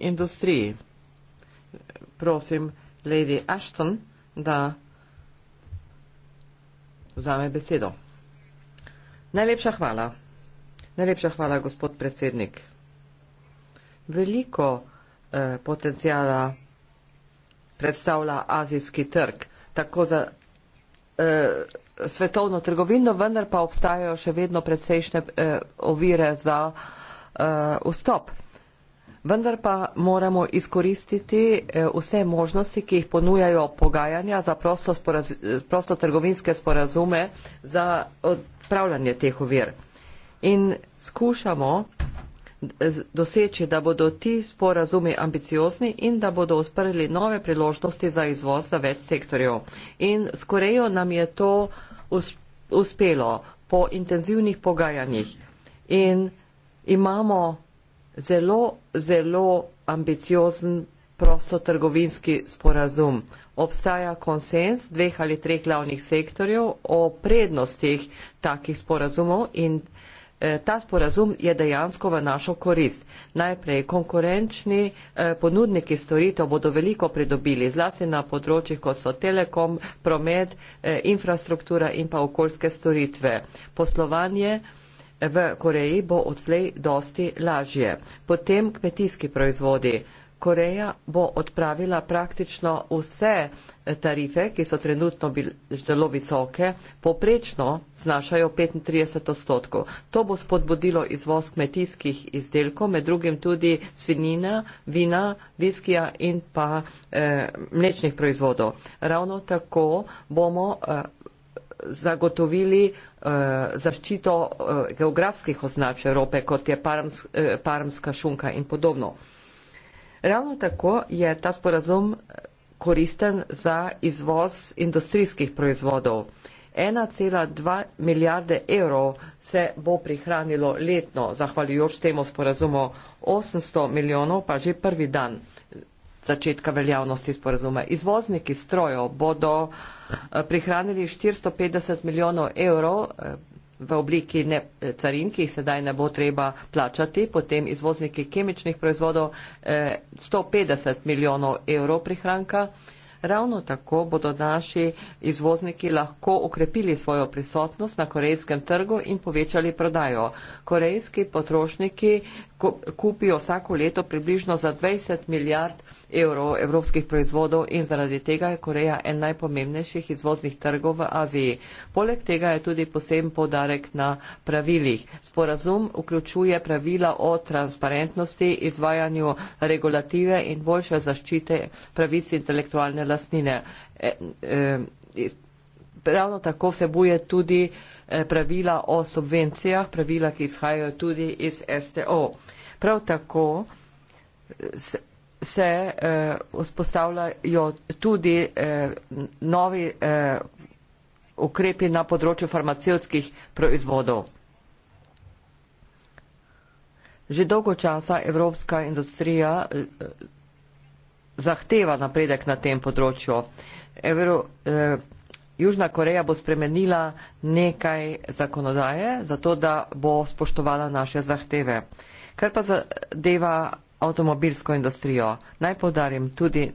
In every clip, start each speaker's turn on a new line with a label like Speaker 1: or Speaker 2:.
Speaker 1: industriji. Prosim Lady Ashton, da vzame besedo. Najlepša hvala. Najlepša hvala, gospod predsednik. Veliko eh, potencijala predstavlja azijski trg, tako za eh, svetovno trgovino, vendar pa obstajajo še vedno precejšne eh, ovire za eh, vstop vendar pa moramo izkoristiti eh, vse možnosti, ki jih ponujajo pogajanja za prostotrgovinske sporazume za odpravljanje teh uvir. In skušamo eh, doseči, da bodo ti sporazumi ambiciozni in da bodo odprli nove priložnosti za izvoz za več sektorjev. In s Korejo nam je to uspelo po intenzivnih pogajanjih. In imamo zelo, zelo ambiciozen prostotrgovinski sporazum. Obstaja konsens dveh ali treh glavnih sektorjev o prednostih takih sporazumov in eh, Ta sporazum je dejansko v našo korist. Najprej konkurenčni eh, ponudniki storitev bodo veliko pridobili, zlasti na področjih, kot so telekom, promet, eh, infrastruktura in pa okoljske storitve. Poslovanje v Koreji bo odslej dosti lažje. Potem kmetijski proizvodi. Koreja bo odpravila praktično vse tarife, ki so trenutno zelo visoke, poprečno znašajo 35 odstotkov. To bo spodbudilo izvoz kmetijskih izdelkov, med drugim tudi svinina, vina, viskija in pa eh, mlečnih proizvodov. Ravno tako bomo eh, zagotovili uh, zaščito uh, geografskih označ Evrope, kot je Parms, uh, parmska šunka in podobno. Ravno tako je ta sporazum koristen za izvoz industrijskih proizvodov. 1,2 milijarde evrov se bo prihranilo letno, zahvaljujoč temu sporazumu 800 milijonov pa že prvi dan začetka veljavnosti sporazuma. Izvozniki strojo bodo eh, prihranili 450 milijonov evrov eh, v obliki ne, eh, carin, ki jih sedaj ne bo treba plačati, potem izvozniki kemičnih proizvodov 150 milijonov evrov prihranka. Ravno tako bodo naši izvozniki lahko ukrepili svojo prisotnost na korejskem trgu in povečali prodajo. Korejski potrošniki kupijo vsako leto približno za 20 milijard evrov evropskih proizvodov in zaradi tega je Koreja en najpomembnejših izvoznih trgov v Aziji. Poleg tega je tudi poseben podarek na pravilih. Sporazum vključuje pravila o transparentnosti, izvajanju regulative in boljše zaščite pravic intelektualne lastnine. E, e, pravno tako se buje tudi. E, Eh, pravila o subvencijah, pravila, ki izhajajo tudi iz STO. Prav tako eh, se eh, vzpostavljajo tudi novi ukrepi na področju farmacevskih proizvodov. Že dolgo časa evropska industrija zahteva napredek na tem področju. Evro, eh, Južna Koreja bo spremenila nekaj zakonodaje, zato da bo spoštovala naše zahteve. Kar pa zadeva avtomobilsko industrijo. Naj povdarim, tudi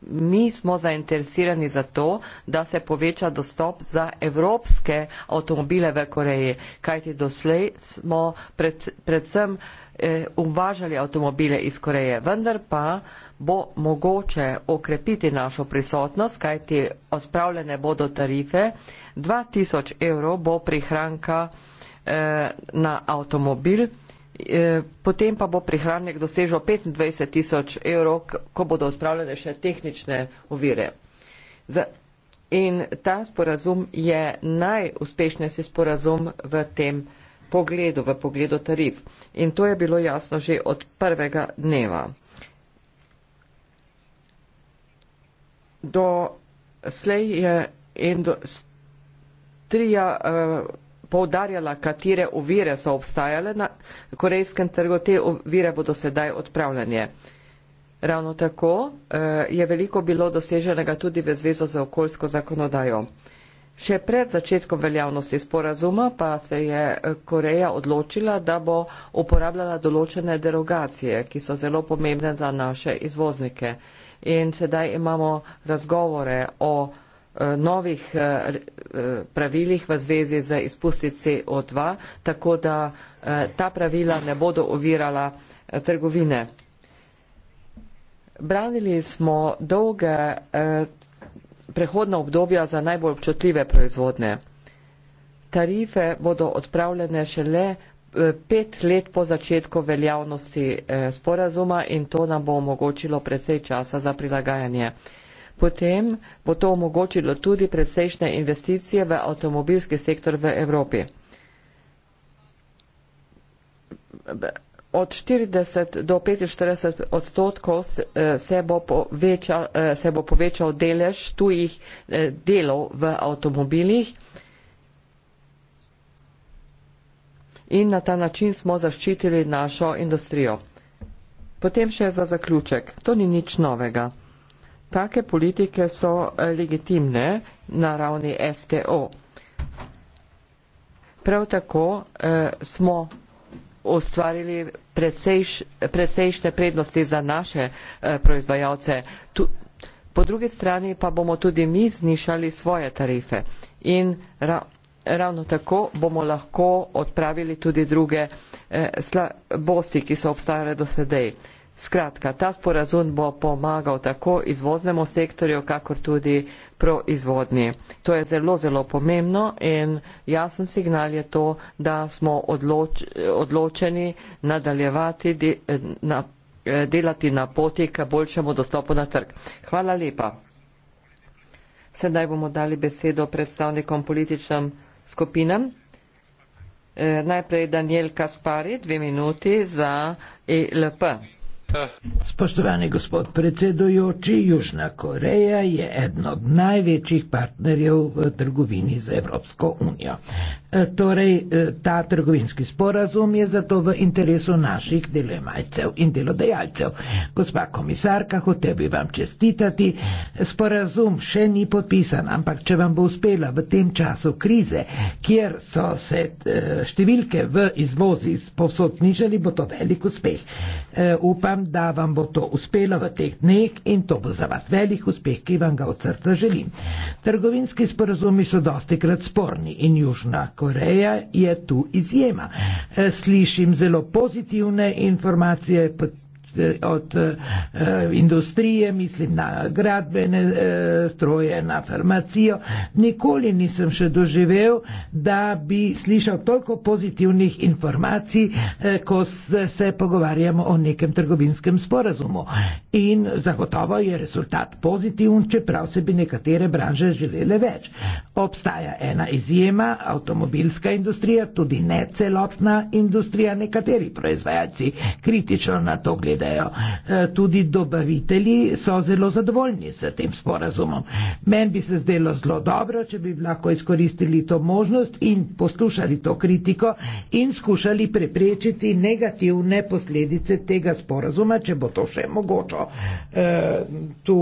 Speaker 1: mi smo zainteresirani za to, da se poveča dostop za evropske avtomobile v Koreji, kajti doslej smo pred, predvsem Eh, uvažali avtomobile iz Koreje, vendar pa bo mogoče okrepiti našo prisotnost, kajti odpravljene bodo tarife. 2000 evrov bo prihranka eh, na avtomobil, eh, potem pa bo prihranek dosežil 25 tisoč evrov, ko bodo odpravljene še tehnične uvire. In ta sporazum je najuspešnejši sporazum v tem času pogledu, v pogledu tarif. In to je bilo jasno že od prvega dneva. Do slej je industrija uh, eh, povdarjala, katere uvire so obstajale na korejskem trgu, te uvire bodo sedaj odpravljanje. Ravno tako uh, je veliko bilo doseženega tudi v zvezo z okoljsko zakonodajo. Še pred začetkom veljavnosti sporazuma pa se je eh, Koreja odločila, da bo uporabljala določene derogacije, ki so zelo pomembne za naše izvoznike. In sedaj imamo razgovore o eh, novih eh, pravilih v zvezi z izpusti CO2, tako da ta pravila ne bodo ovirala trgovine. Branili smo dolge prehodna obdobja za najbolj občutljive proizvodne. Tarife bodo odpravljene šele eh, pet let po začetku veljavnosti eh, sporazuma in to nam bo omogočilo predvsej časa za prilagajanje. Potem bo to omogočilo tudi predvsejšne investicije v avtomobilski sektor v Evropi od 40 do 45 odstotkov se eh, bo, povečal, eh, se bo povečal delež tujih eh, delov v avtomobilih. In na ta način smo zaščitili našo industrijo. Potem še za zaključek. To ni nič novega. Take politike so legitimne na ravni STO. Prav tako eh, smo ustvarili precejš, precejšne prednosti za naše eh, proizvajalce. Tu, po drugi strani pa bomo tudi mi znišali svoje tarife in ra, ravno tako bomo lahko odpravili tudi druge eh, slabosti, ki so obstajale do sedaj. Skratka, ta sporazum bo pomagal tako izvoznemu sektorju, kakor tudi proizvodnji. To je zelo, zelo pomembno in jasen signal je to, da smo odloč, odločeni nadaljevati de, na, delati na poti k boljšemu dostopu na trg. Hvala lepa. Sedaj bomo dali besedo predstavnikom političnim skupinam. E, najprej Daniel Kaspari, dve minuti za ILP. E,
Speaker 2: Spoštovani gospod predsedujoči, Južna Koreja je eden od največjih partnerjev v trgovini z Evropsko unijo. E, torej, e, ta trgovinski sporazum je zato v interesu naših delojemalcev in delodajalcev. Gospa komisarka, hotel bi vam čestitati, sporazum še ni podpisan, ampak če vam bo uspela v tem času krize, kjer so se e, številke v izvozi povsod nižali, bo to velik uspeh. Eh, upam, da vam bo to uspelo v teh dneh in to bo za vas velik uspeh, ki vam ga od srca želim. Trgovinski sporazumi so dosti krat sporni in Južna Koreja je tu izjema. Eh, slišim zelo pozitivne informacije. Eh, od eh, industrije, mislim na gradbene eh, stroje, na farmacijo. Nikoli nisem še doživel, da bi slišal toliko pozitivnih informacij, ko se pogovarjamo o nekem trgovinskem sporazumu. In zagotovo je rezultat pozitiven, čeprav se bi nekatere branže želele več. Obstaja ena izjema, avtomobilska industrija, tudi ne celotna industrija, nekateri proizvajalci kritično na to gledajo delajo. E, tudi dobavitelji so zelo zadovoljni s tem sporazumom. Meni bi se zdelo zelo dobro, če bi lahko izkoristili to možnost in poslušali to kritiko in skušali preprečiti negativne posledice tega sporazuma, če bo to še mogoče. E, tu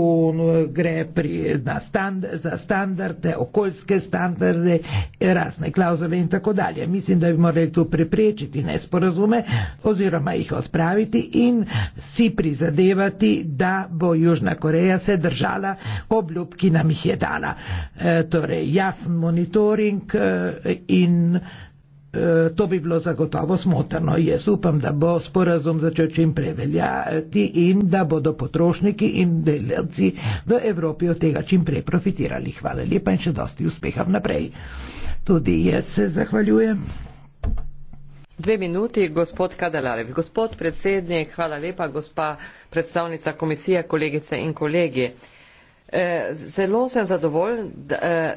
Speaker 2: gre pri, stand, za standarde, okoljske standarde, razne klauzule in tako dalje. Mislim, da bi morali tu preprečiti nesporazume oziroma jih odpraviti in uh, si prizadevati, da bo Južna Koreja se držala obljub, ki nam jih je dala. E, torej, jasen monitoring e, in e, to bi bilo zagotovo smotrno. Jaz upam, da bo sporazum začel čim preveljati in da bodo potrošniki in delavci v Evropi od tega čim prej profitirali. Hvala lepa in še dosti uspeha naprej. Tudi jaz se zahvaljujem.
Speaker 1: Dve minuti, gospod Kadalarev. Gospod predsednik, hvala lepa, gospa predstavnica komisije, kolegice in kolegi. Eh, zelo sem zadovoljen,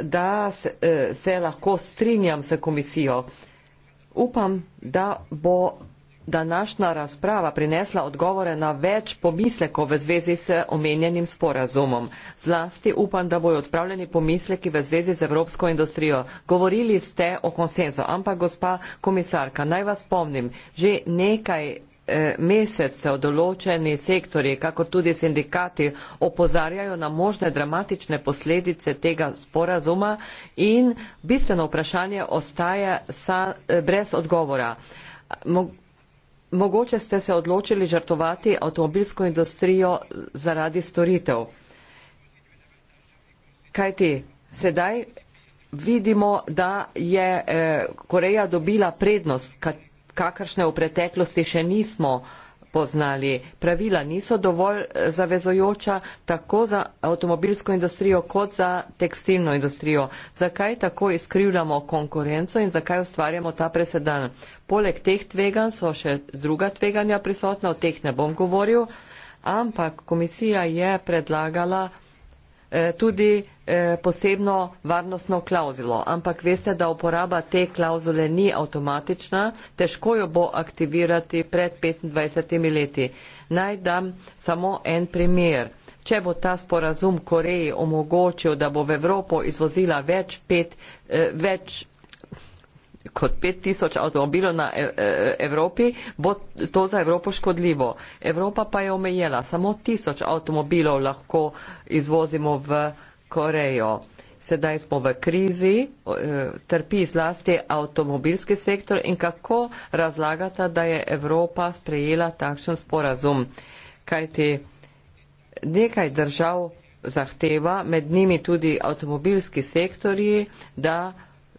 Speaker 1: da eh, eh, se lahko strinjam s komisijo. Upam, da bo današnja razprava prinesla odgovore na več pomislekov v zvezi s omenjenim sporazumom. Zlasti upam, da bojo odpravljeni pomisleki v zvezi z evropsko industrijo. Govorili ste o konsenzu, ampak gospa komisarka, naj vas spomnim, že nekaj eh, mesecev določeni sektori, kako tudi sindikati, opozarjajo na možne dramatične posledice tega sporazuma in bistveno vprašanje ostaje sa, eh, brez odgovora mogoče ste se odločili žrtovati avtomobilsko industrijo zaradi storitev. Kaj ti? Sedaj vidimo, da je eh, Koreja dobila prednost, kakršne v preteklosti še nismo imeli poznali. Pravila niso dovolj eh, zavezojoča tako za avtomobilsko industrijo kot za tekstilno industrijo. Zakaj tako izkrivljamo konkurenco in zakaj ustvarjamo ta presedan? Poleg teh tveganj so še druga tveganja prisotna, o teh ne bom govoril, ampak komisija je predlagala Eh, tudi eh, posebno varnostno klauzulo, ampak veste, da uporaba te klauzule ni avtomatična, težko jo bo aktivirati pred 25 leti. Naj dam samo en primer. Če bo ta sporazum Koreji omogočil, da bo v Evropo izvozila več, pet, eh, več kot 5000 avtomobilov na e, e, Evropi, bo to za Evropo škodljivo. Evropa pa je omejila, samo 1000 avtomobilov lahko izvozimo v Korejo. Sedaj smo v krizi, e, trpi zlasti avtomobilski sektor in kako razlagata, da je Evropa sprejela takšen sporazum. Kajti nekaj držav zahteva, med njimi tudi avtomobilski sektorji, da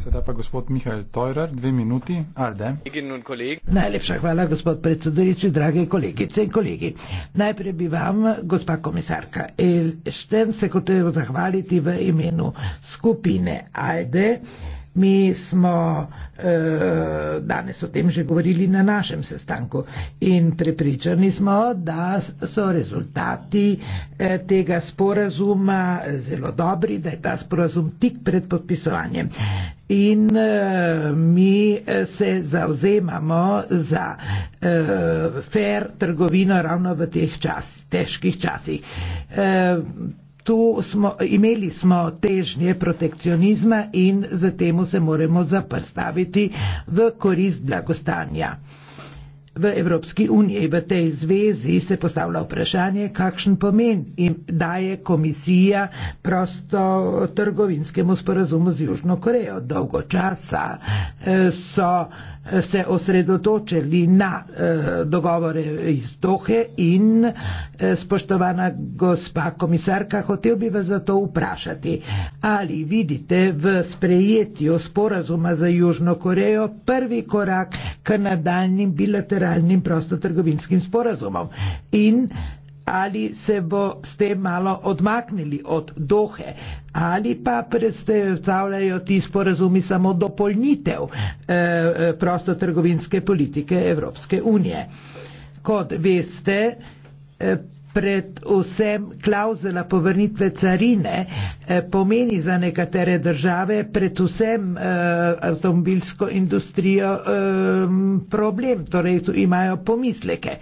Speaker 2: Sedaj pa gospod Mihajl Tojrar, dve minuti, Alde. Najlepša hvala, gospod predsedujoči, drage kolegice in kolegi. Najprej bi vam, gospa komisarka, Elšten se hotel zahvaliti v imenu skupine Alde. Mi smo eh, danes o tem že govorili na našem sestanku in prepričani smo, da so rezultati eh, tega sporazuma eh, zelo dobri, da je ta sporazum tik pred podpisovanjem. In eh, mi eh, se zauzemamo za eh, fair trgovino ravno v teh čas, težkih časih. Eh, To smo imeli smo težnje protekcionizma in zatemu se moramo zaprstaviti v korist blagostanja. V Evropski uniji v tej zvezi se postavlja vprašanje, kakšen pomen jim daje komisija prosto trgovinskemu sporazumu z Južno Korejo. Dolgo časa eh, so se osredotočili na eh, dogovore iz Dohe in eh, spoštovana gospa komisarka, hotel bi vas zato vprašati, ali vidite v sprejetju sporazuma za Južno Korejo prvi korak k nadaljnim bilateralnim prostotrgovinskim sporazumom in ali se bo s tem malo odmaknili od dohe, ali pa predstavljajo ti sporazumi samo dopolnitev eh, eh, prostotrgovinske politike Evropske unije. Kot veste, eh, predvsem klauzula povrnitve carine pomeni za nekatere države, predvsem avtomobilsko industrijo, problem, torej tu imajo pomisleke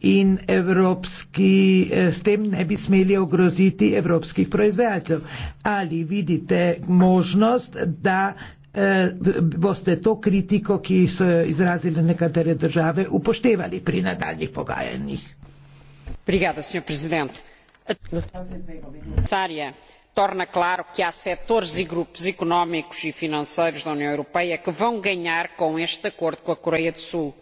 Speaker 2: in evropski, eh, s tem ne bi smeli ogroziti evropskih proizvajalcev. Ali vidite možnost, da eh, boste to kritiko, ki so jo izrazile nekatere države, upoštevali pri nadaljnih pogajanjih?
Speaker 1: Obrigada, senjor prezident. Carje. torna claro que há setores e grupos económicos e financeiros da União Europeia que vão ganhar com este acordo com a Coreia do Sul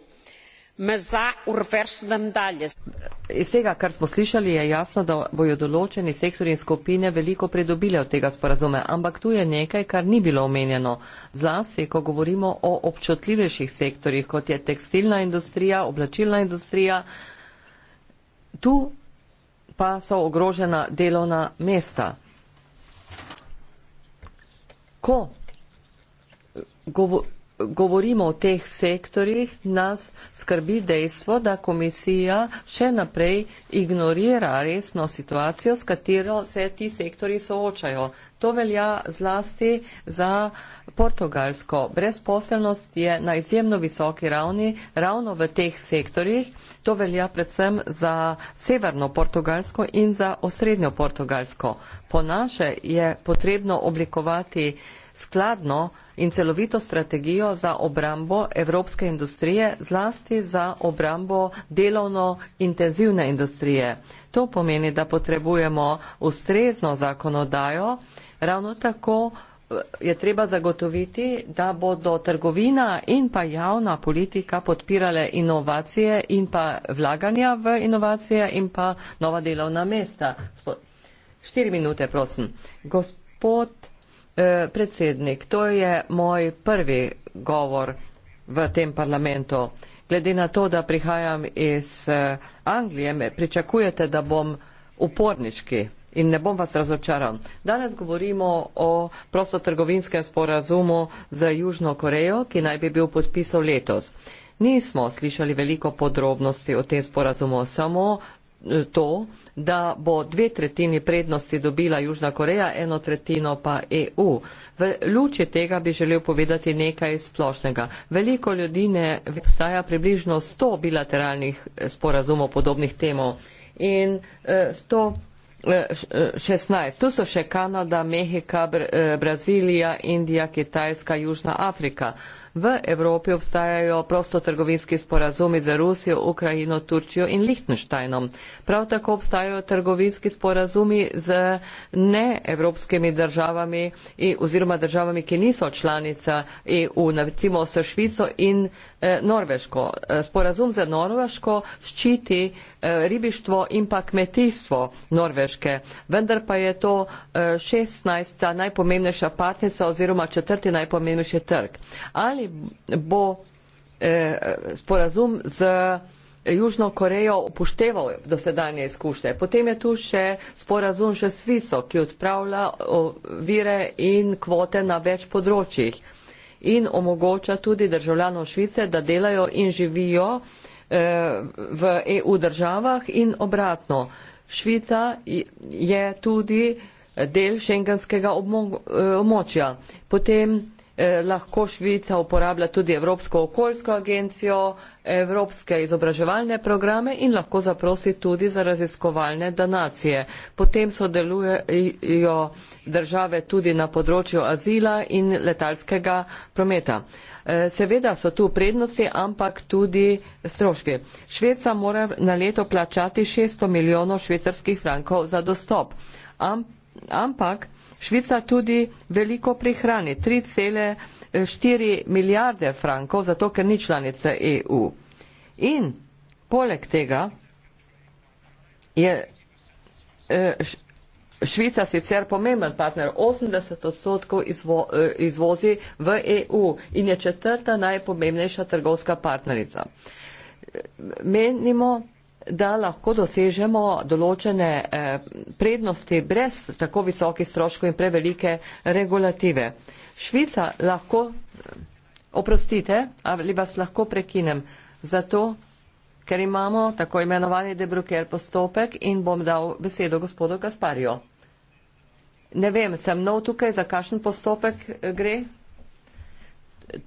Speaker 1: iz tega kar smo slišali je jasno da bojo določeni sektorji in skupine veliko pridobile od tega sporazuma ampak tu je nekaj kar ni bilo omenjeno zlasti ko govorimo o občutljivejših sektorjih kot je tekstilna industrija oblačilna industrija tu pa so ogrožena delovna mesta ko govorimo govorimo o teh sektorjih, nas skrbi dejstvo, da komisija še naprej ignorira resno situacijo, s katero se ti sektori soočajo. To velja zlasti za Portugalsko. Brezposelnost je na izjemno visoki ravni ravno v teh sektorjih. To velja predvsem za severno Portugalsko in za osrednjo Portugalsko. Po naše je potrebno oblikovati skladno in celovito strategijo za obrambo evropske industrije, zlasti za obrambo delovno intenzivne industrije. To pomeni, da potrebujemo ustrezno zakonodajo, ravno tako eh, je treba zagotoviti, da bodo trgovina in pa javna politika podpirale inovacije in pa vlaganja v inovacije in pa nova delovna mesta. Štiri minute, prosim. Gospod Eh, predsednik, to je moj prvi govor v tem parlamentu. Glede na to, da prihajam iz eh, Anglije, me pričakujete, da bom upornički in ne bom vas razočaral. Danes govorimo o prostotrgovinskem sporazumu z Južno Korejo, ki naj bi bil podpisal letos. Nismo slišali veliko podrobnosti o tem sporazumu, samo to, da bo dve tretjini prednosti dobila Južna Koreja, eno tretjino pa EU. V luči tega bi želel povedati nekaj splošnega. Veliko ljudi ne obstaja približno 100 bilateralnih eh, sporazumov podobnih temov in 100 eh, 16. Tu so še Kanada, Mehika, eh, Brazilija, Indija, Kitajska, Južna Afrika. V Evropi obstajajo prostotrgovinski sporazumi za Rusijo, Ukrajino, Turčijo in Lichtensteinom. Prav tako obstajajo trgovinski sporazumi z neevropskimi državami oziroma državami, ki niso članica EU, recimo s Švico in eh, Norveško. Eh, sporazum za Norveško ščiti Eh, ribištvo in pa kmetijstvo Norveške. Vendar pa je to 16. Eh, najpomembnejša partnica oziroma četrti najpomembnejši trg. Ali bo eh, sporazum z Južno Korejo upošteval dosedanje izkušnje. Potem je tu še sporazum še s Viso, ki odpravlja vire in kvote na več področjih in omogoča tudi državljanom Švice, da delajo in živijo eh, Eh, v EU državah in obratno. Švica je tudi del šengenskega eh, območja. Potem eh, lahko Švica uporablja tudi Evropsko okoljsko agencijo, evropske izobraževalne programe in lahko zaprosi tudi za raziskovalne donacije. Potem sodelujejo države tudi na področju azila in letalskega prometa. Eh, seveda so tu prednosti, ampak tudi stroški. Šveca mora na leto plačati 600 milijonov švicarskih frankov za dostop. Am, ampak Švica tudi veliko prihrani, 3,4 eh, milijarde frankov, zato ker ni članica EU. In poleg tega je. Eh, Švica sicer pomemben partner, 80 odstotkov izvo, eh, izvozi v EU in je četrta najpomembnejša trgovska partnerica. Menimo, da lahko dosežemo določene eh, prednosti brez tako visokih stroškov in prevelike regulative. Švica lahko, oprostite, ali vas lahko prekinem, zato ker imamo tako imenovani debruker postopek in bom dal besedo gospodu Gasparju. Ne vem, sem nov tukaj, za kakšen postopek eh, gre?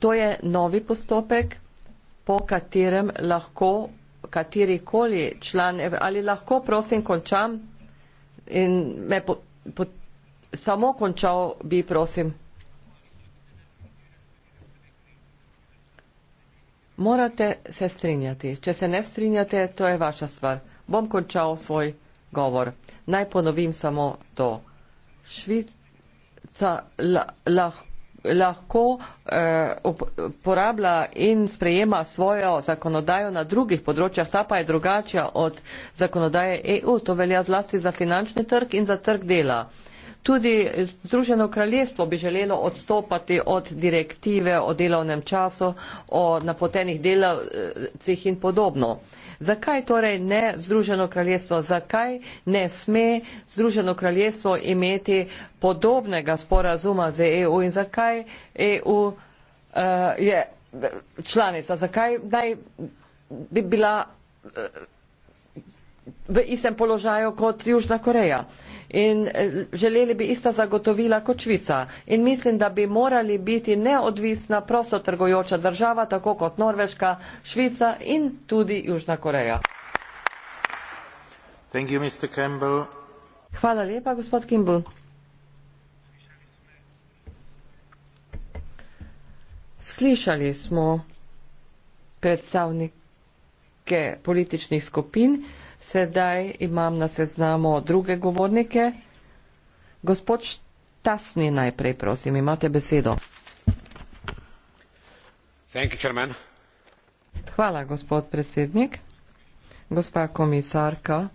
Speaker 1: To je novi postopek, po katerem lahko katerikoli član, ali lahko prosim končam in me po, po, samo končal bi prosim. Morate se strinjati. Če se ne strinjate, to je vaša stvar. Bom končal svoj govor. Naj ponovim samo to. Švica lahko, lahko eh, uporablja in sprejema svojo zakonodajo na drugih področjah, ta pa je drugačija od zakonodaje EU. To velja zlasti za finančni trg in za trg dela. Eh, Tudi Združeno kraljestvo bi želelo odstopati od direktive o delovnem času, o napotenih delavcih in podobno. Zakaj torej ne Združeno kraljestvo? Zakaj ne sme Združeno kraljestvo imeti podobnega sporazuma z EU in zakaj EU uh, eh, je članica? Zakaj naj bi bila uh, v istem položaju kot Južna Koreja? Uh, in eh, želeli bi ista zagotovila kot Švica. In mislim, da bi morali biti neodvisna prostotrgojoča država, tako kot Norveška, Švica in tudi Južna Koreja.
Speaker 3: You,
Speaker 1: Hvala lepa, gospod Kimbu. Slišali smo predstavnike političnih skupin. Sedaj imam na seznamu druge govornike. Gospod Štasni najprej, prosim, imate besedo. Thank you, Hvala, gospod predsednik. Gospa komisarka,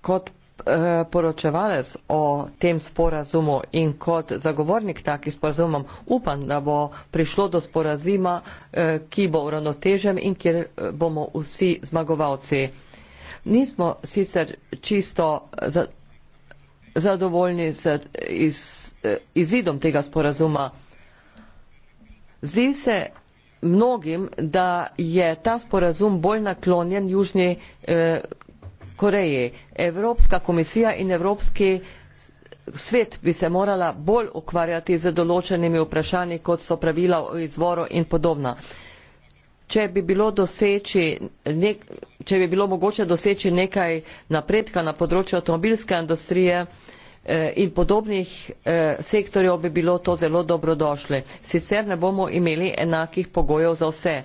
Speaker 1: kot Eh, poročevalec o tem sporazumu in kot zagovornik takih sporazumom upam, da bo prišlo do sporazima, eh, ki bo uravnotežen in kjer eh, bomo vsi zmagovalci. Nismo sicer čisto zadovoljni z izidom tega sporazuma. Zdi se mnogim, da je ta sporazum bolj naklonjen južni koreji evropska komisija in evropski svet bi se morala bolj ukvarjati z določenimi vprašanji kot so pravila o izvoru in podobno Če bi, bilo doseči, nek, če bi bilo mogoče doseči nekaj napredka na področju avtomobilske industrije eh, in podobnih eh, sektorjev, bi bilo to zelo dobrodošle. Sicer ne bomo imeli enakih pogojev za vse.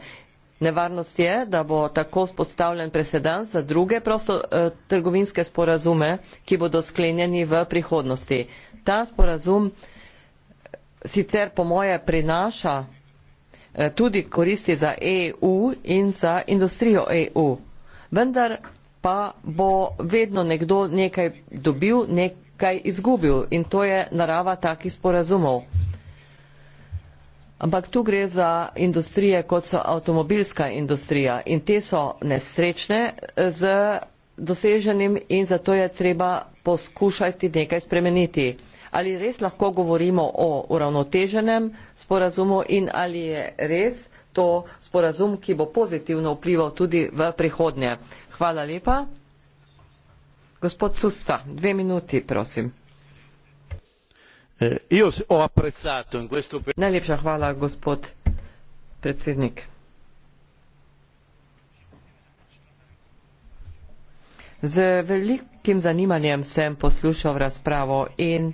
Speaker 1: Nevarnost je, da bo tako vzpostavljen precedens za druge prostotrgovinske eh, sporazume, ki bodo sklenjeni v prihodnosti. Ta sporazum eh, sicer po moje prinaša eh, tudi koristi za EU in za industrijo EU, vendar pa bo vedno nekdo nekaj dobil, nekaj izgubil in to je narava takih sporazumov ampak tu gre za industrije, kot so avtomobilska industrija in te so nesrečne eh, z doseženim in zato je treba poskušati nekaj spremeniti. Ali res lahko govorimo o uravnoteženem sporazumu in ali je res to sporazum, ki bo pozitivno vplival tudi v prihodnje? Hvala lepa. Gospod Susta, dve minuti, prosim. Eh, najlepša hvala gospod predsednik z velikim zanimanjem sem poslušal razpravo in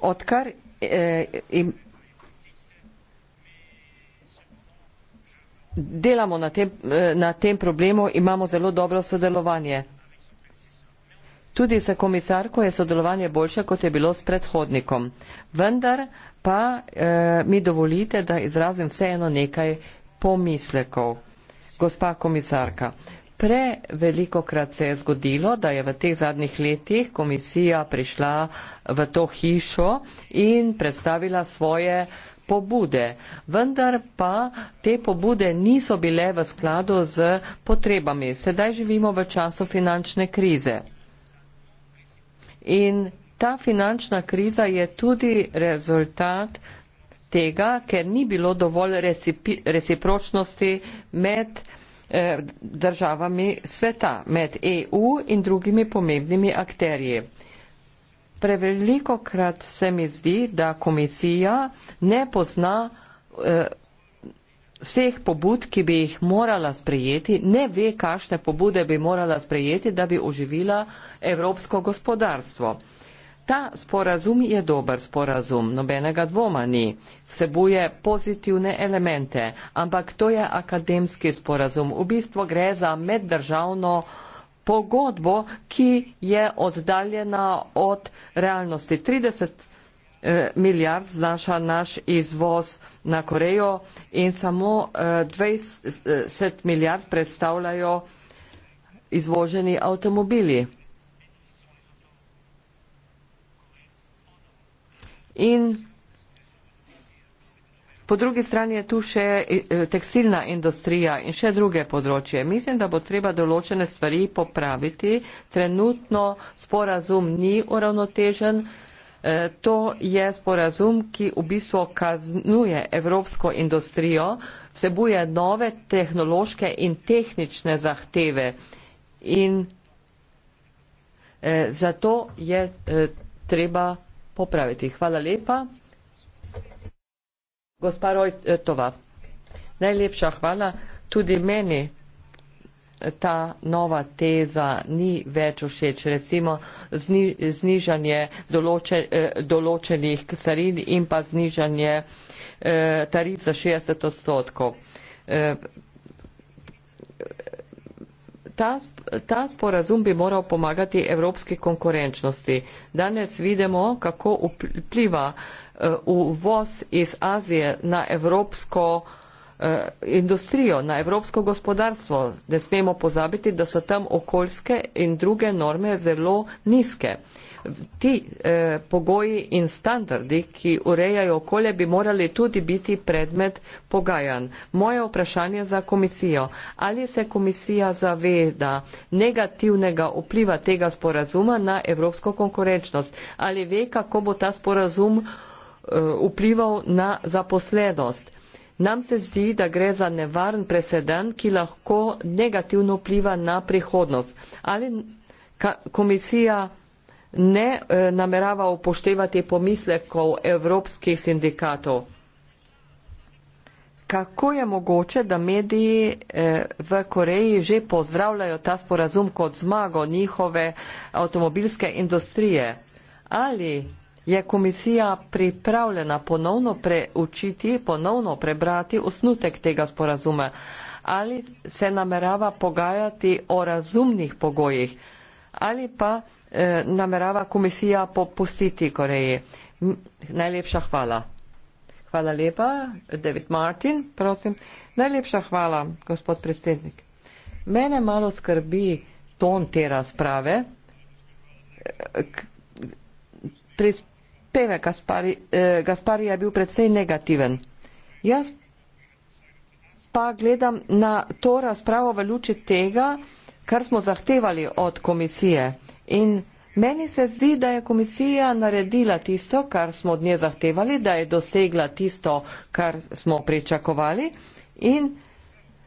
Speaker 1: odkar eh, im, delamo na tem, eh, na tem problemu imamo zelo dobro sodelovanje Tudi za komisarko je sodelovanje boljše, kot je bilo s predhodnikom. Vendar pa e, mi dovolite, da izrazim vseeno nekaj pomislekov. Gospa komisarka, preveliko krat se je zgodilo, da je v teh zadnjih letih komisija prišla v to hišo in predstavila svoje pobude, vendar pa te pobude niso bile v skladu z potrebami. Sedaj živimo v času finančne krize. In ta finančna kriza je tudi rezultat tega, ker ni bilo dovolj recipi, recipročnosti med eh, državami sveta, med EU in drugimi pomembnimi akterji. Preveliko krat se mi zdi, da komisija ne pozna eh, vseh pobud, ki bi jih morala sprejeti, ne ve, kakšne pobude bi morala sprejeti, da bi oživila evropsko gospodarstvo. Ta sporazum je dober sporazum, nobenega dvoma ni. Vsebuje pozitivne elemente, ampak to je akademski sporazum. V bistvu gre za meddržavno pogodbo, ki je oddaljena od realnosti. 30 eh, milijard znaša naš izvoz na Korejo in samo 20 eh, eh, milijard predstavljajo izvoženi avtomobili. In po drugi strani je tu še eh, tekstilna industrija in še druge področje. Mislim, da bo treba določene stvari popraviti. Trenutno sporazum ni uravnotežen. Eh, to je sporazum, ki v bistvu kaznuje evropsko industrijo, vsebuje nove tehnološke in tehnične zahteve in eh, zato je eh, treba popraviti. Hvala lepa. Gospa Rojtova, najlepša hvala tudi meni ta nova teza ni več všeč. Recimo zni, znižanje določe, eh, določenih carin in pa znižanje eh, tarif za 60 odstotkov. Eh, ta, ta sporazum bi moral pomagati evropski konkurenčnosti. Danes vidimo, kako vpliva uvoz iz Azije na evropsko konkurenčnost Eh, industrijo, na evropsko gospodarstvo. Ne smemo pozabiti, da so tam okoljske in druge norme zelo nizke. Ti e, pogoji in standardi, ki urejajo okolje, bi morali tudi biti predmet pogajanj. Moje vprašanje za komisijo. Ali se komisija zaveda negativnega vpliva tega sporazuma na evropsko konkurenčnost? Ali ve, kako bo ta sporazum e, vplival na zaposlenost? nam se zdi, da gre za nevaren preseden, ki lahko negativno vpliva na prihodnost. Ali komisija ne eh, namerava upoštevati pomislekov evropskih sindikatov? Kako je mogoče, da mediji eh, v Koreji že pozdravljajo ta sporazum kot zmago njihove avtomobilske industrije? Ali Je komisija pripravljena ponovno preučiti, ponovno prebrati osnutek tega sporazuma ali se namerava pogajati o razumnih pogojih ali pa eh, namerava komisija popustiti Koreji? Najlepša hvala. Hvala lepa, David Martin, prosim. Najlepša hvala, gospod predsednik. Mene malo skrbi ton te razprave. Eh, Pris, Peve Gaspari, eh, Gaspari je bil predvsej negativen. Jaz pa gledam na to razpravo v luči tega, kar smo zahtevali od komisije. In meni se zdi, da je komisija naredila tisto, kar smo od nje zahtevali, da je dosegla tisto, kar smo pričakovali. In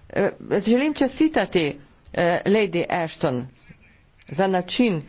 Speaker 1: eh, želim čestitati eh, Lady Ashton za način,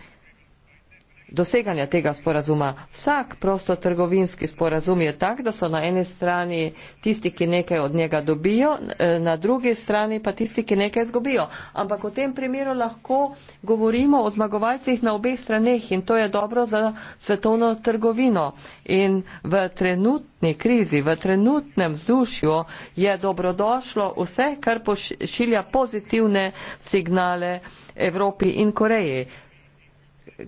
Speaker 1: doseganja tega sporazuma. Vsak prostotrgovinski sporazum je tak, da so na eni strani tisti, ki nekaj od njega dobijo, eh, na drugi strani pa tisti, ki nekaj izgubijo. Ampak v tem primeru lahko govorimo o zmagovalcih na obeh straneh in to je dobro za svetovno trgovino. In v trenutni krizi, v trenutnem vzdušju je dobrodošlo vse, kar pošilja pozitivne signale Evropi in Koreji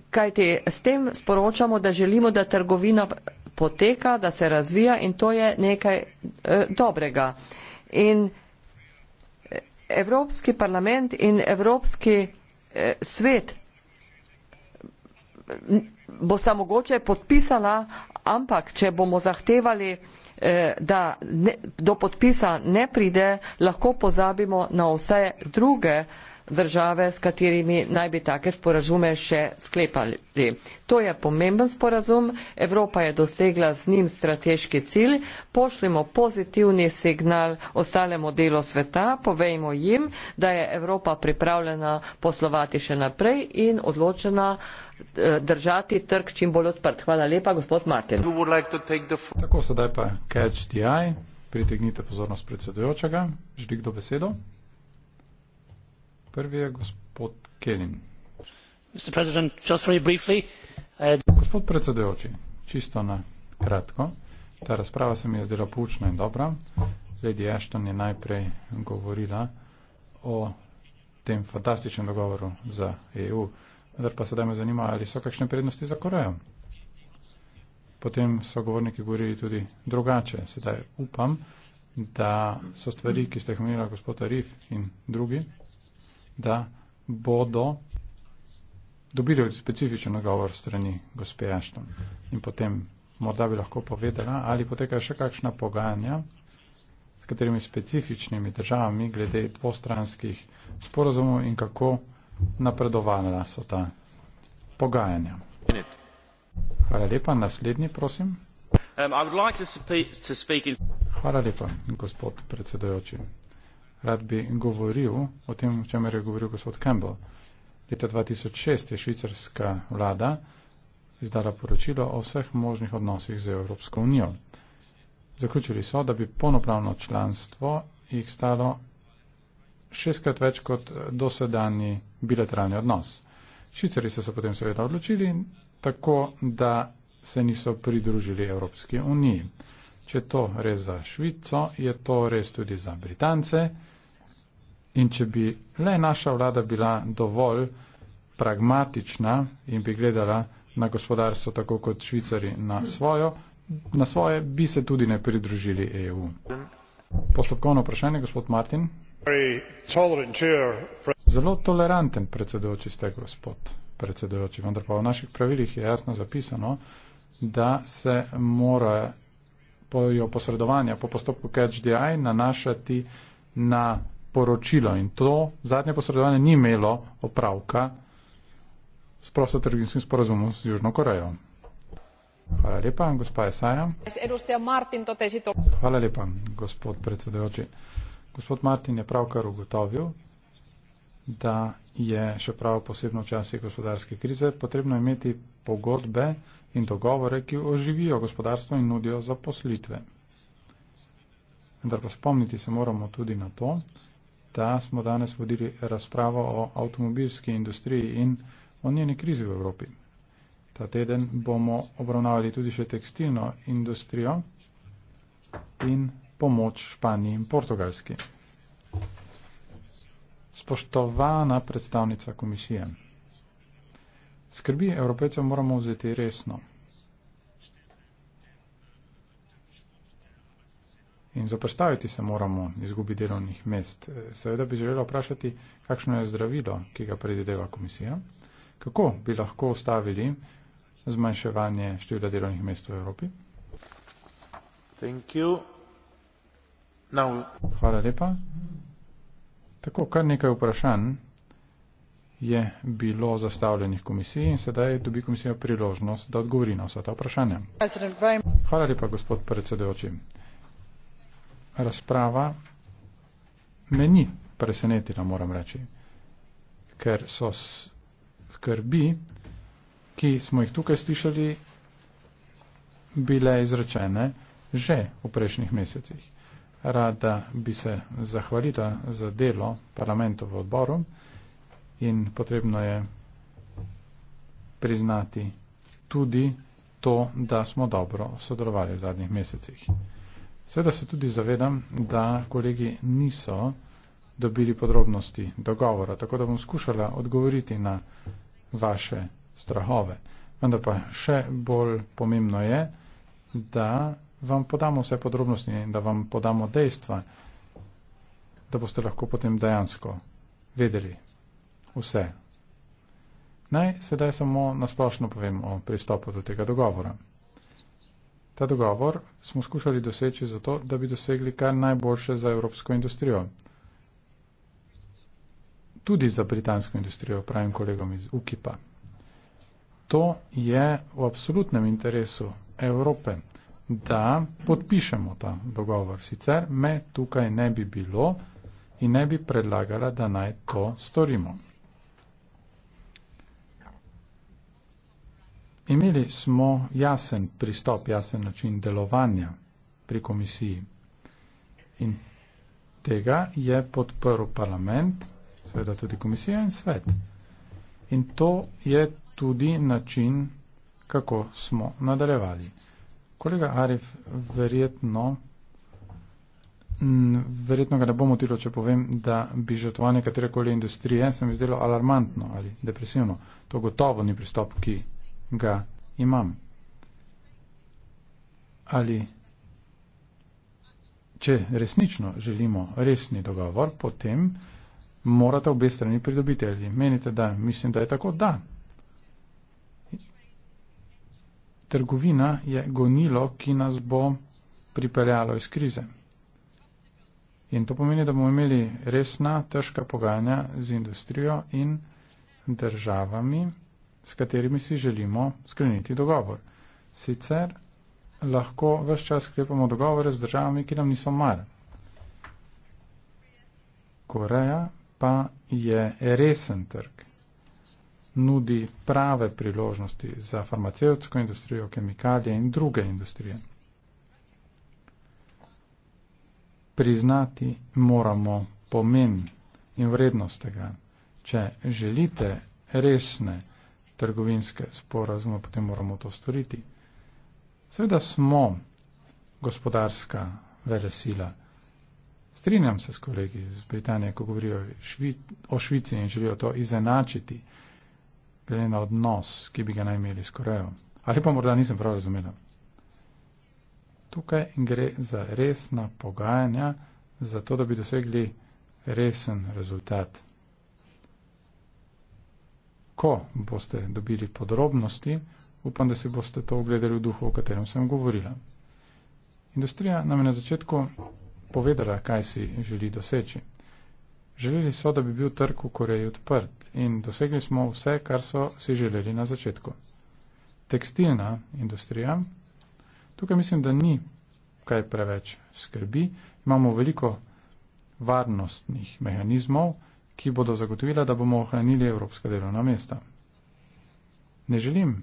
Speaker 1: kajti s tem sporočamo, da želimo, da trgovina poteka, da se razvija in to je nekaj eh, dobrega. In Evropski parlament in Evropski eh, svet bo sta mogoče podpisala, ampak če bomo zahtevali, eh, da ne, do podpisa ne pride, lahko pozabimo na vse druge eh, države, s katerimi naj bi take sporazume še sklepali. To je pomemben sporazum, Evropa je dosegla z njim strateški cilj, pošljemo pozitivni signal ostalemu delu sveta, povejmo jim, da je Evropa pripravljena poslovati še naprej in odločena eh, držati trg čim bolj odprt. Hvala lepa, gospod Martin.
Speaker 3: Like Tako sedaj pa catch the eye, pritegnite pozornost predsedujočega, želi kdo besedo? Uh, gospod predsedujoči čisto na kratko ta razprava se mi je zdela poučna in dobra lady ashton je najprej govorila o tem fantastičnem dogovoru za EU, vendar pa sedaj me zanima, ali so kakšne prednosti za Korejo. Potem so govorniki govorili tudi drugače. Sedaj upam, da so stvari, ki ste jih omenila gospod Arif in drugi, da bodo dobili specifičen nagovor strani gospe Ashton. In potem morda bi lahko povedala, ali potekajo še kakšna pogajanja s katerimi specifičnimi državami glede dvostranskih sporozumov in kako napredovala so ta pogajanja. Hvala lepa. Naslednji, prosim. Um, Hvala lepa, gospod predsedojoči rad bi govoril o tem, o čemer je govoril gospod Campbell. Leta 2006 je švicarska vlada izdala poročilo o vseh možnih odnosih z Evropsko unijo. Zaključili so, da bi polnopravno članstvo jih stalo šestkrat več kot dosedani bilateralni odnos. Švicari so se potem seveda odločili tako, da se niso pridružili Evropski uniji. Če je to res za Švico, je to res tudi za Britance. In če bi le naša vlada bila dovolj pragmatična in bi gledala na gospodarstvo tako kot Švicari na, svojo, na svoje, bi se tudi ne pridružili EU. Postopkovno vprašanje, gospod Martin. Zelo toleranten predsedujoči ste, gospod predsedujoči, vendar pa v naših pravilih je jasno zapisano, da se mora jo posredovanja po postopku CatchDI nanašati na poročilo. In to zadnje posredovanje ni imelo opravka s prostotrgijskim sporazumom z Južno Korejo. Hvala lepa, gospa Esaja. Hvala lepa, gospod predsedujoči. Gospod Martin je pravkar ugotovil, da je še prav posebno v časih gospodarske krize potrebno imeti pogodbe in dogovore, ki oživijo gospodarstvo in nudijo zaposlitve. Vendar pa spomniti se moramo tudi na to, da smo danes vodili razpravo o avtomobilski industriji in o njeni krizi v Evropi. Ta teden bomo obravnavali tudi še tekstilno industrijo in pomoč Španiji in Portugalski. Spoštovana predstavnica komisije, skrbi evropejcev moramo vzeti resno. In zaprstaviti se moramo izgubi delovnih mest. Seveda bi želela vprašati, kakšno je zdravilo, ki ga predideva komisija. Kako bi lahko ustavili zmanjševanje števila delovnih mest v Evropi? Hvala lepa. Tako, kar nekaj vprašanj je bilo zastavljenih komisiji in sedaj dobi komisija priložnost, da odgovori na vsa ta vprašanja. Hvala lepa, gospod predsedujoči. Razprava me ni presenetila, moram reči, ker so skrbi, ki smo jih tukaj slišali, bile izrečene že v prejšnjih mesecih rada bi se zahvalila za delo parlamentu v odboru in potrebno je priznati tudi to, da smo dobro sodelovali v zadnjih mesecih. Seveda se tudi zavedam, da kolegi niso dobili podrobnosti dogovora, tako da bom skušala odgovoriti na vaše strahove. Vendar pa še bolj pomembno je, da vam podamo vse podrobnosti in da vam podamo dejstva, da boste lahko potem dejansko vedeli vse. Naj sedaj samo nasplošno povem o pristopu do tega dogovora. Ta dogovor smo skušali doseči zato, da bi dosegli kar najboljše za evropsko industrijo. Tudi za britansko industrijo, pravim kolegom iz UKIP-a. To je v absolutnem interesu Evrope da podpišemo ta dogovor. Sicer me tukaj ne bi bilo in ne bi predlagala, da naj to storimo. Imeli smo jasen pristop, jasen način delovanja pri komisiji in tega je podprl parlament, seveda tudi komisija in svet. In to je tudi način, kako smo nadaljevali. Kolega Arif, verjetno, verjetno ga ne bom motilo, če povem, da bi žrtvovanje katerekoli industrije se mi zdelo alarmantno ali depresivno. To gotovo ni pristop, ki ga imam. Ali če resnično želimo resni dogovor, potem morata obe strani pridobiti. Ali menite, da mislim, da je tako? Da. trgovina je gonilo, ki nas bo pripeljalo iz krize. In to pomeni, da bomo imeli resna, težka pogajanja z industrijo in državami, s katerimi si želimo skleniti dogovor. Sicer lahko vse čas sklepamo dogovore z državami, ki nam niso mar. Koreja pa je resen trg nudi prave priložnosti za farmacevtsko industrijo, kemikalije in druge industrije. Priznati moramo pomen in vrednost tega. Če želite resne trgovinske sporazume, potem moramo to storiti. Seveda smo gospodarska velesila. Strinjam se s kolegi iz Britanije, ko govorijo švi, o Švici in želijo to izenačiti glede na odnos, ki bi ga naj imeli s Korejo. Ali pa morda nisem prav razumela. Tukaj gre za resna pogajanja, za to, da bi dosegli resen rezultat. Ko boste dobili podrobnosti, upam, da si boste to ogledali v duhu, o katerem sem govorila. Industrija nam je na začetku povedala, kaj si želi doseči. Želeli so, da bi bil trg v Koreji odprt in dosegli smo vse, kar so si želeli na začetku. Tekstilna industrija. Tukaj mislim, da ni kaj preveč skrbi. Imamo veliko varnostnih mehanizmov, ki bodo zagotovila, da bomo ohranili evropska delovna mesta. Ne želim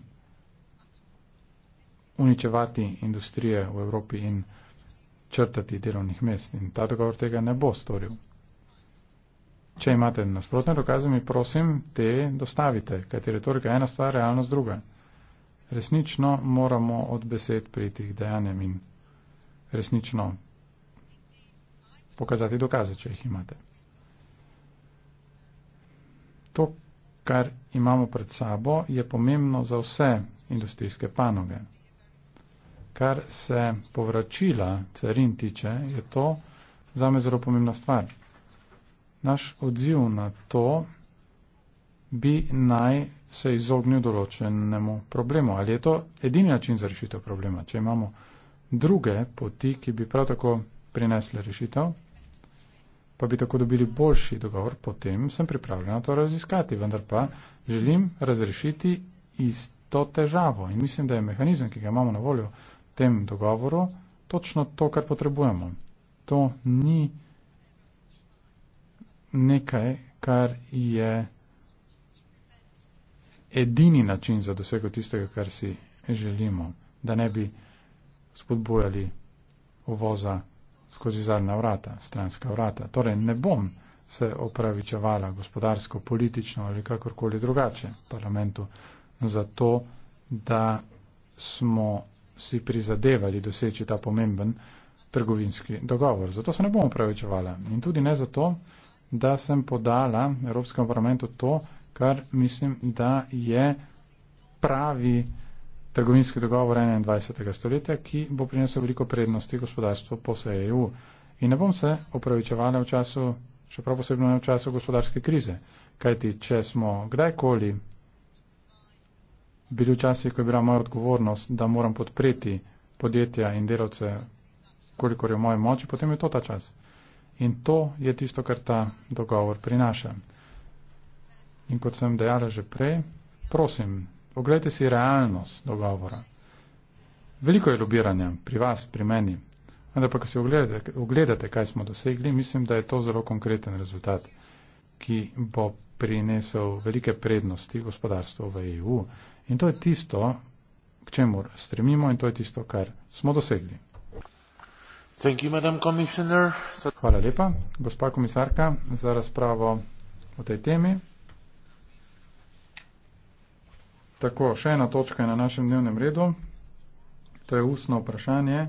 Speaker 3: uničevati industrije v Evropi in črtati delovnih mest in ta dogovor tega ne bo storil. Če imate nasprotne dokaze, mi prosim, te dostavite, kajti retorika je ena stvar, realnost druga. Resnično moramo od besed priti k dejanjem in resnično pokazati dokaze, če jih imate. To, kar imamo pred sabo, je pomembno za vse industrijske panoge. Kar se povračila carin tiče, je to zame zelo pomembna stvar naš odziv na to bi naj se izognil določenemu problemu. Ali je to edini način za rešitev problema? Če imamo druge poti, ki bi prav tako prinesle rešitev, pa bi tako dobili boljši dogovor, potem sem pripravljen na to raziskati, vendar pa želim razrešiti isto težavo. In mislim, da je mehanizem, ki ga imamo na voljo v tem dogovoru, točno to, kar potrebujemo. To ni nekaj, kar je edini način za dosego tistega, kar si želimo, da ne bi spodbojali uvoza skozi zadnja vrata, stranska vrata. Torej, ne bom se opravičevala gospodarsko, politično ali kakorkoli drugače v parlamentu za to, da smo si prizadevali doseči ta pomemben trgovinski dogovor. Zato se ne bom opravičevala in tudi ne zato, da sem podala Evropskemu parlamentu to, kar mislim, da je pravi trgovinski dogovor 21. stoletja, ki bo prinesel veliko prednosti gospodarstvu po vsej EU. In ne bom se opravičevala v času, še prav posebno ne v času gospodarske krize, kajti če smo kdajkoli bili v časih, ko je bila moja odgovornost, da moram podpreti podjetja in delavce, kolikor je v moji moči, potem je to ta čas. In to je tisto, kar ta dogovor prinaša. In kot sem dejala že prej, prosim, oglejte si realnost dogovora. Veliko je lobiranja pri vas, pri meni. Vendar pa, ko si ogledate, ogledate, kaj smo dosegli, mislim, da je to zelo konkreten rezultat, ki bo prinesel velike prednosti gospodarstvu v EU. In to je tisto, k čemu stremimo in to je tisto, kar smo dosegli. Hvala lepa, gospa komisarka, za razpravo o tej temi. Tako, še ena točka je na našem dnevnem redu. To je ustno vprašanje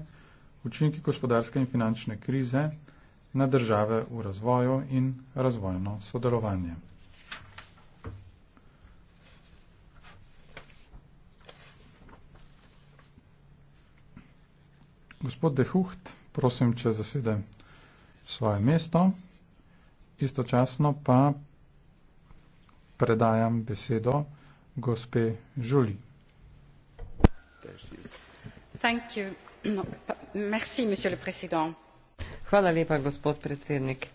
Speaker 3: učinki gospodarske in finančne krize na države v razvoju in razvojno sodelovanje. Gospod Dehucht prosim, če zasede svoje mesto. Istočasno pa predajam besedo gospe Žuli.
Speaker 1: Hvala lepa, gospod predsednik.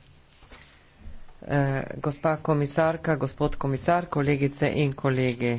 Speaker 1: Eh, gospa komisarka, gospod komisar, kolegice in kolegi.